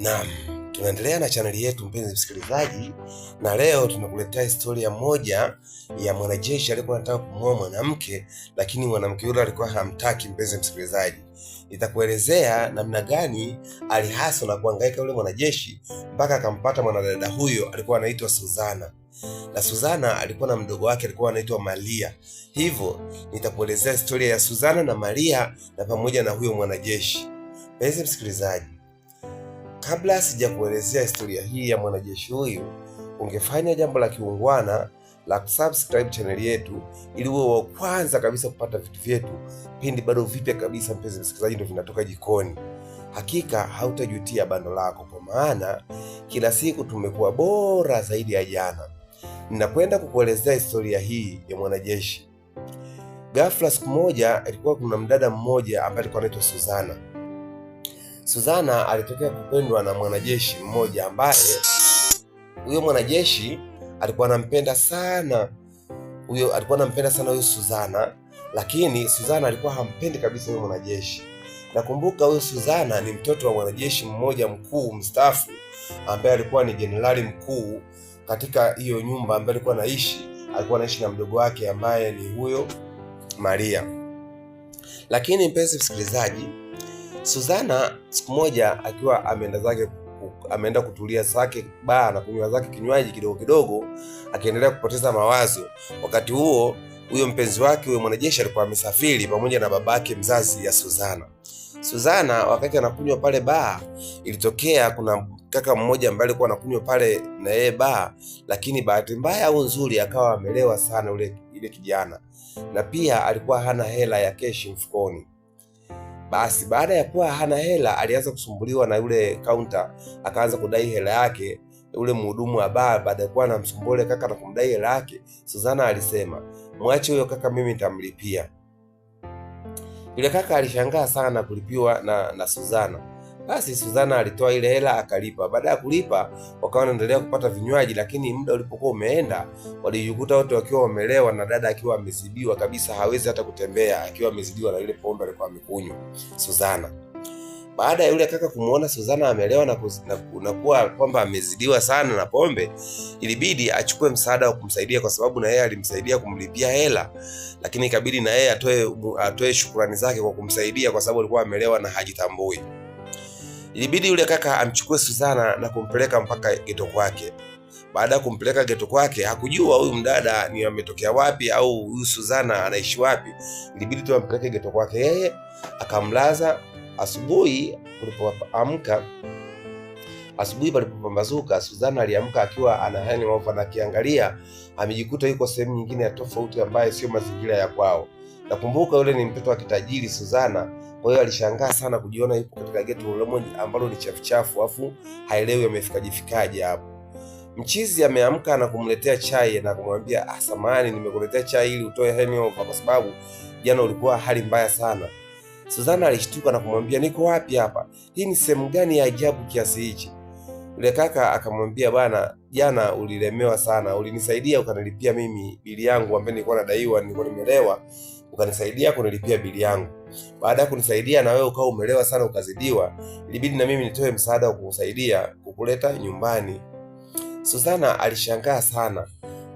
Naam, tunaendelea na chaneli yetu mpenzi msikilizaji, na leo tunakuletea historia moja ya mwanajeshi aliyekuwa anataka kumuoa mwanamke, lakini mwanamke yule alikuwa hamtaki. Mpenzi msikilizaji, nitakuelezea namna gani alihasa na kuangaika yule mwanajeshi mpaka akampata mwanadada huyo, alikuwa anaitwa Suzana na Suzana alikuwa na mdogo wake alikuwa anaitwa Maria. Hivyo nitakuelezea historia ya Suzana na Maria na pamoja na huyo mwanajeshi. Mpenzi msikilizaji Kabla sijakuelezea historia hii ya mwanajeshi huyu, ungefanya jambo la kiungwana la kusubscribe chaneli yetu ili uwe wa kwanza kabisa kupata vitu vyetu pindi bado vipya kabisa, mpenzi msikilizaji, ndio vinatoka jikoni. Hakika hautajutia bando lako, kwa maana kila siku tumekuwa bora zaidi ya jana. Ninakwenda kukuelezea historia hii ya mwanajeshi. Ghafla siku moja, alikuwa kuna mdada mmoja ambaye alikuwa anaitwa Suzana Suzana alitokea kupendwa na mwanajeshi mmoja ambaye huyo mwanajeshi alikuwa anampenda sana huyo, alikuwa anampenda sana huyo Suzana, lakini Suzana alikuwa hampendi kabisa huyo mwanajeshi. Nakumbuka huyo Suzana ni mtoto wa mwanajeshi mmoja mkuu mstaafu ambaye alikuwa ni jenerali mkuu katika hiyo nyumba ambayo alikuwa anaishi, alikuwa anaishi na mdogo wake ambaye ni huyo Maria. Lakini mpenzi msikilizaji Suzana siku moja akiwa ameenda zake ameenda kutulia zake baa na kunywa zake kinywaji kidogo kidogo, akiendelea kupoteza mawazo. Wakati huo huyo mpenzi wake huyo mwanajeshi alikuwa amesafiri pamoja na babake mzazi ya Suzana. Suzana wakati anakunywa pale baa, ilitokea kuna kaka mmoja ambaye alikuwa anakunywa pale na yeye baa, lakini bahati mbaya au nzuri akawa amelewa sana ule ile kijana, na pia alikuwa hana hela ya keshi mfukoni. Basi baada ya kuwa hana hela, alianza kusumbuliwa na yule kaunta, akaanza kudai hela yake. Yule mhudumu wa baa, baada ya kuwa anamsumbua yule kaka na kumdai hela yake, Suzana alisema mwache huyo kaka, mimi nitamlipia. Yule kaka alishangaa sana kulipiwa na, na Suzana. Basi Suzana alitoa ile hela akalipa. Baada ya kulipa, wakawa wanaendelea kupata vinywaji, lakini muda ulipokuwa umeenda, walijikuta wote wakiwa wamelewa na dada akiwa amezidiwa kabisa, hawezi hata kutembea, akiwa amezidiwa na ile pombe alikuwa amekunywa Suzana. Baada ya yule kaka kumuona Suzana amelewa na, na kuwa kwamba amezidiwa sana na pombe, ilibidi achukue msaada wa kumsaidia, kwa sababu na yeye alimsaidia kumlipia hela, lakini ikabidi na yeye atoe atoe shukrani zake kwa kumsaidia, kwa sababu alikuwa amelewa na hajitambui. Ilibidi yule kaka amchukue Suzana na kumpeleka mpaka geto kwake. Baada ya kumpeleka geto kwake, hakujua huyu mdada ni ametokea wapi au huyu Suzana anaishi wapi. Ilibidi tu ampeleke geto kwake yeye, akamlaza. Asubuhi kulipoamka, asubuhi palipopambazuka, Suzana aliamka akiwa ana hali na kiangalia amejikuta yuko sehemu nyingine ya tofauti ambayo sio mazingira ya kwao. Nakumbuka yule ni mtoto wa kitajiri Suzana kwa hiyo alishangaa sana kujiona yuko katika geti ambalo ni chafuchafu, afu haelewi amefika jifikaje hapo. Mchizi ameamka na kumletea chai na kumwambia ah, samani nimekuletea chai ili utoe hangover kwa sababu jana ulikuwa hali mbaya sana. Suzana alishtuka na kumwambia niko wapi hapa? Hii ni sehemu gani ya ajabu kiasi hichi? Yule kaka akamwambia bana, jana ulilemewa sana, ulinisaidia ukanilipia mimi bili yangu ambayo nilikuwa nadaiwa, nilikuwa nimelewa, ukanisaidia kunilipia bili yangu. Baada ya kunisaidia na wewe ukawa umelewa sana ukazidiwa, ilibidi na mimi nitoe msaada wa kukusaidia kukuleta nyumbani. Susana alishangaa sana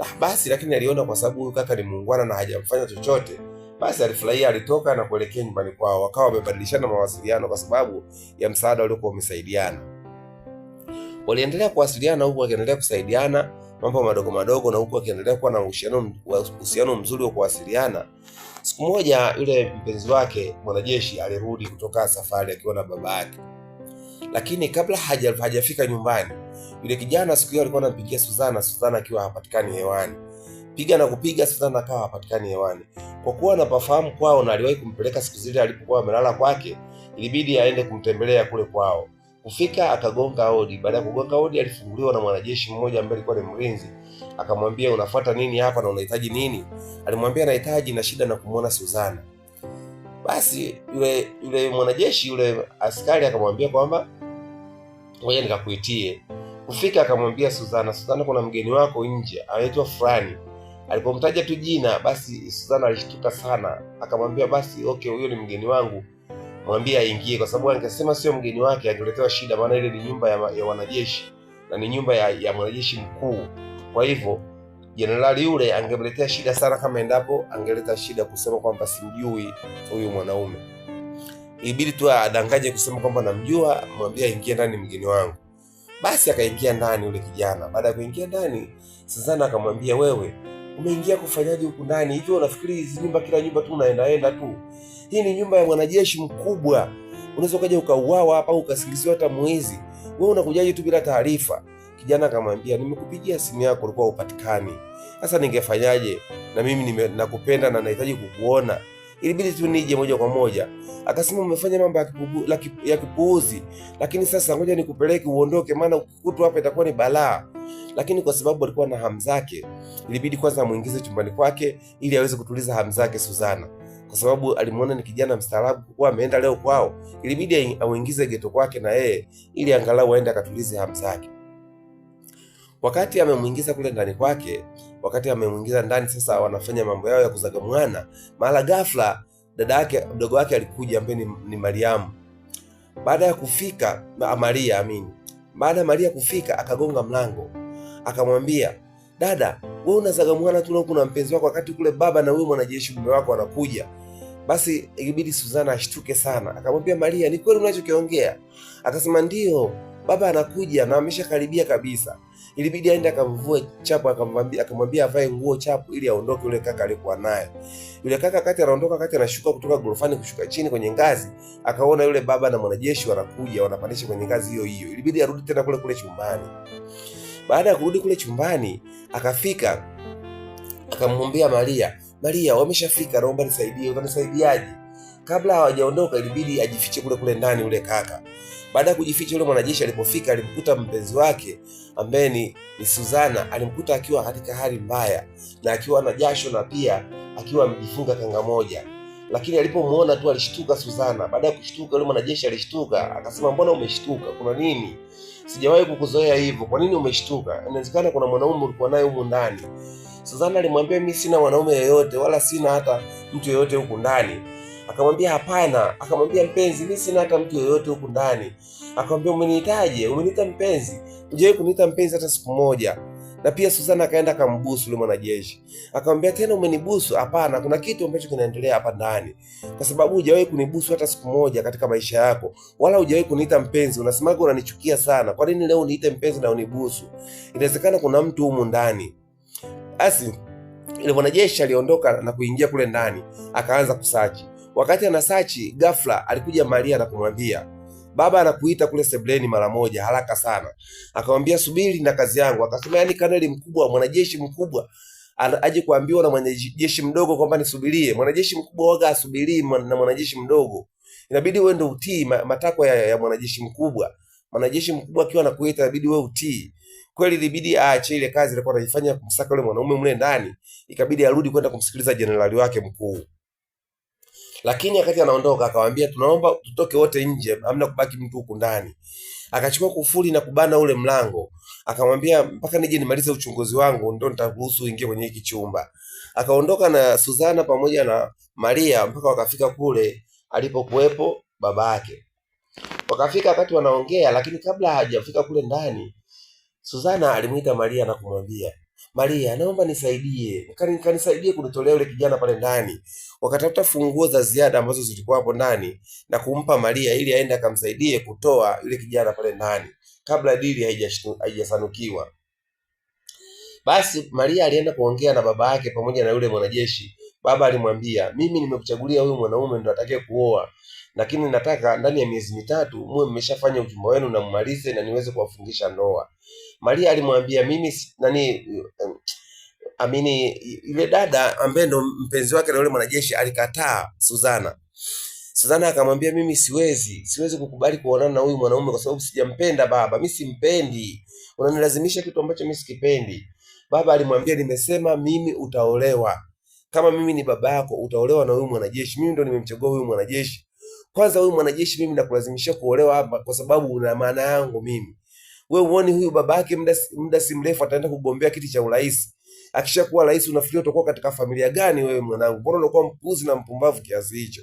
ah, basi lakini aliona kwa sababu huyu kaka ni muungwana na hajamfanya chochote, basi alifurahia, alitoka na kuelekea nyumbani kwao. Wakawa wamebadilishana mawasiliano kwa sababu ya msaada waliokuwa wamesaidiana. Waliendelea kuwasiliana huku wakiendelea kusaidiana mambo madogo madogo, na huku akiendelea kuwa na uhusiano mzuri wa kuwasiliana. Siku moja yule mpenzi wake mwanajeshi alirudi kutoka safari akiwa na baba yake, lakini kabla hajafika nyumbani yule kijana siku hiyo alikuwa anampigia Suzana, Suzana akiwa hapatikani hewani, piga na kupiga, Suzana akawa hapatikani hewani. Kwa kuwa anapafahamu kwao na aliwahi kumpeleka siku zile alipokuwa amelala kwake, ilibidi aende kumtembelea kule kwao. Kufika akagonga hodi. Baada ya kugonga hodi, alifunguliwa na mwanajeshi mmoja ambaye alikuwa ni mlinzi, akamwambia unafuata nini hapa na unahitaji nini? Alimwambia anahitaji na shida na kumwona Suzana. Basi yule yule mwanajeshi yule askari akamwambia kwamba ngoja nikakuitie. Kufika akamwambia Suzana, Suzana, kuna mgeni wako nje anaitwa fulani. Alipomtaja tu jina, basi Suzana alishtuka sana, akamwambia basi okay, huyo ni mgeni wangu mwambie aingie, kwa sababu angesema sio mgeni wake angeletewa shida, maana ile ni nyumba ya, ya wanajeshi na ni nyumba ya, ya mwanajeshi mkuu. Kwa hivyo jenerali yule angemletea shida sana, kama endapo angeleta shida kusema kwamba simjui huyu mwanaume, ibidi tu adangaje kusema kwamba namjua, mwambie aingie ndani, mgeni wangu. Basi akaingia ndani yule kijana. Baada ya kuingia ndani, Suzana akamwambia wewe umeingia kufanyaje huku ndani? Hivi unafikiri hizi nyumba kila nyumba tu unaendaenda tu? Hii ni nyumba ya mwanajeshi mkubwa, unaweza ukaja ukauawa hapa au ukasingiziwa hata mwizi. Wewe unakujaje tu bila taarifa? Kijana akamwambia, nimekupigia simu yako ulikuwa upatikani. Sasa ningefanyaje? Na mimi nakupenda na nahitaji kukuona ilibidi tu nije moja kwa moja. Akasema umefanya mambo ya kipuuzi, lakini sasa ngoja nikupeleke uondoke, maana ukikutwa hapa itakuwa ni balaa. Lakini kwa sababu alikuwa na hamu zake, ilibidi kwanza amuingize chumbani kwake ili aweze kutuliza hamu zake Suzana, kwa sababu alimuona ni kijana mstaarabu, kuwa ameenda leo kwao, ilibidi auingize geto kwake na yeye, ili angalau aende akatulize hamu zake wakati amemwingiza kule ndani kwake, wakati amemwingiza ndani, sasa wanafanya mambo yao ya kuzaga mwana, Mara ghafla dada yake mdogo wake alikuja ambaye ni, ni Mariamu. Baada ya kufika Maria, amini, baada ya Maria kufika akagonga mlango, akamwambia dada, wewe mwana tu huko na mpenzi wako, wakati kule baba na wewe mwanajeshi mume wako anakuja. Basi ilibidi Suzana ashtuke sana, akamwambia Maria, ni kweli unachokiongea? Akasema ndiyo, baba anakuja na ameshakaribia kabisa ilibidi aende akamvua chapu, akamwambia akamwambia avae nguo chapu ili aondoke yule kaka alikuwa naye. Yule kaka kati anaondoka, kati anashuka kutoka gorofani kushuka chini kwenye ngazi, akaona yule baba na mwanajeshi wanakuja, wanapandisha kwenye ngazi hiyo hiyo, ilibidi arudi tena kule kule chumbani. Baada ya kurudi kule chumbani, akafika akamwambia Maria, Maria, wameshafika, naomba nisaidie. Utanisaidiaje? kabla hawajaondoka ilibidi ajifiche kule kule ndani ule kaka. Baada ya kujificha, yule mwanajeshi alipofika alimkuta mpenzi wake ambaye ni, ni Suzana, alimkuta akiwa katika hali mbaya na akiwa na jasho na pia akiwa amejifunga kanga moja, lakini alipomuona tu alishtuka Suzana. Baada ya kushtuka, yule mwanajeshi alishtuka akasema, mbona umeshtuka? Kuna nini? Sijawahi kukuzoea hivyo, kwa nini umeshtuka? Inawezekana kuna mwanaume ulikuwa naye humu ndani. Suzana alimwambia, mimi sina mwanaume yeyote, wala sina hata mtu yeyote huku ndani Akamwambia hapana. Akamwambia mpenzi, mimi sina hata mtu yoyote huku ndani. Akamwambia umenihitaje? Umeniita mpenzi? Hujawahi kuniita mpenzi hata siku moja. Na pia Susana akaenda akambusu yule mwanajeshi, akamwambia tena umenibusu? Hapana, kuna kitu ambacho kinaendelea hapa ndani, kwa sababu hujawahi kunibusu hata siku moja katika maisha yako, wala hujawahi kuniita mpenzi. Unasemaga unanichukia sana, kwa nini leo uniite mpenzi na unibusu? Inawezekana kuna mtu humu ndani. Basi yule mwanajeshi aliondoka na kuingia kule ndani, akaanza kusachi Wakati anasachi ghafla, alikuja Maria na kumwambia baba anakuita kule sebleni mara moja, haraka sana. Akamwambia subiri na kazi yangu. Akasema yani, kaneli mkubwa, mwanajeshi mkubwa aje kuambiwa na mwanajeshi mdogo kwamba nisubirie? Mwanajeshi mkubwa waga asubirii na mwanajeshi mdogo, inabidi wewe ndio utii matakwa ya, ya mwanajeshi mkubwa. Mwanajeshi mkubwa akiwa anakuita, inabidi wewe utii. Kweli ilibidi aache ile kazi alikuwa anaifanya kumsaka yule mwanaume mle ndani, ikabidi arudi kwenda kumsikiliza jenerali wake mkuu. Lakini akati anaondoka akamwambia tunaomba tutoke wote nje, amna kubaki mtu huku ndani. Akachukua kufuli na kubana ule mlango, akamwambia, mpaka nije nimalize uchunguzi wangu ndo nitaruhusu uingie kwenye hiki chumba. Akaondoka na Suzana pamoja na Maria mpaka wakafika kule alipokuwepo baba yake. Wakafika wakati wanaongea, lakini kabla hajafika kule ndani, Suzana alimuita Maria na kumwambia Maria, naomba nisaidie, kanisaidie kunitolea yule kijana pale ndani. Wakatafuta funguo za ziada ambazo zilikuwa hapo ndani na kumpa Maria ili aende akamsaidie kutoa yule kijana pale ndani kabla dili haijasanukiwa. Basi Maria alienda kuongea na baba yake pamoja na yule mwanajeshi baba alimwambia, mimi nimekuchagulia huyu mwanaume ndo atakaye kuoa, lakini nataka ndani ya miezi mitatu muwe mmeshafanya uchumba wenu na mmalize na niweze kuwafungisha ndoa. Maria alimwambia, mimi nani eh, amini, yule dada ambaye ndo mpenzi wake na yule mwanajeshi alikataa Suzana. Suzana akamwambia, mimi siwezi, siwezi kukubali kuonana na huyu mwanaume kwa sababu sijampenda baba, mi simpendi, unanilazimisha kitu ambacho mi sikipendi. Baba alimwambia, nimesema mimi utaolewa kama mimi ni baba yako utaolewa na huyu mwanajeshi, mimi ndo nimemchagua huyu mwanajeshi. Kwanza huyu mwanajeshi mimi nakulazimisha kuolewa hapa kwa sababu una maana yangu mimi. Wewe uone huyu baba yake muda muda si mrefu ataenda kugombea kiti cha urais. Akishakuwa rais unafikiria utakuwa katika familia gani wewe mwanangu? Mbona unakuwa mpuzi na mpumbavu kiasi hicho?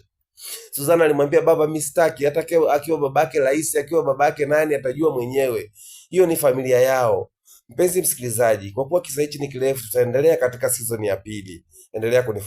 Suzana alimwambia baba, mimi sitaki hata akiwa babake rais, akiwa babake nani atajua mwenyewe. Hiyo ni familia yao. Mpenzi msikilizaji, kwa kuwa kisa hichi ni kirefu, tutaendelea katika season ya pili endelea kunifuatilia.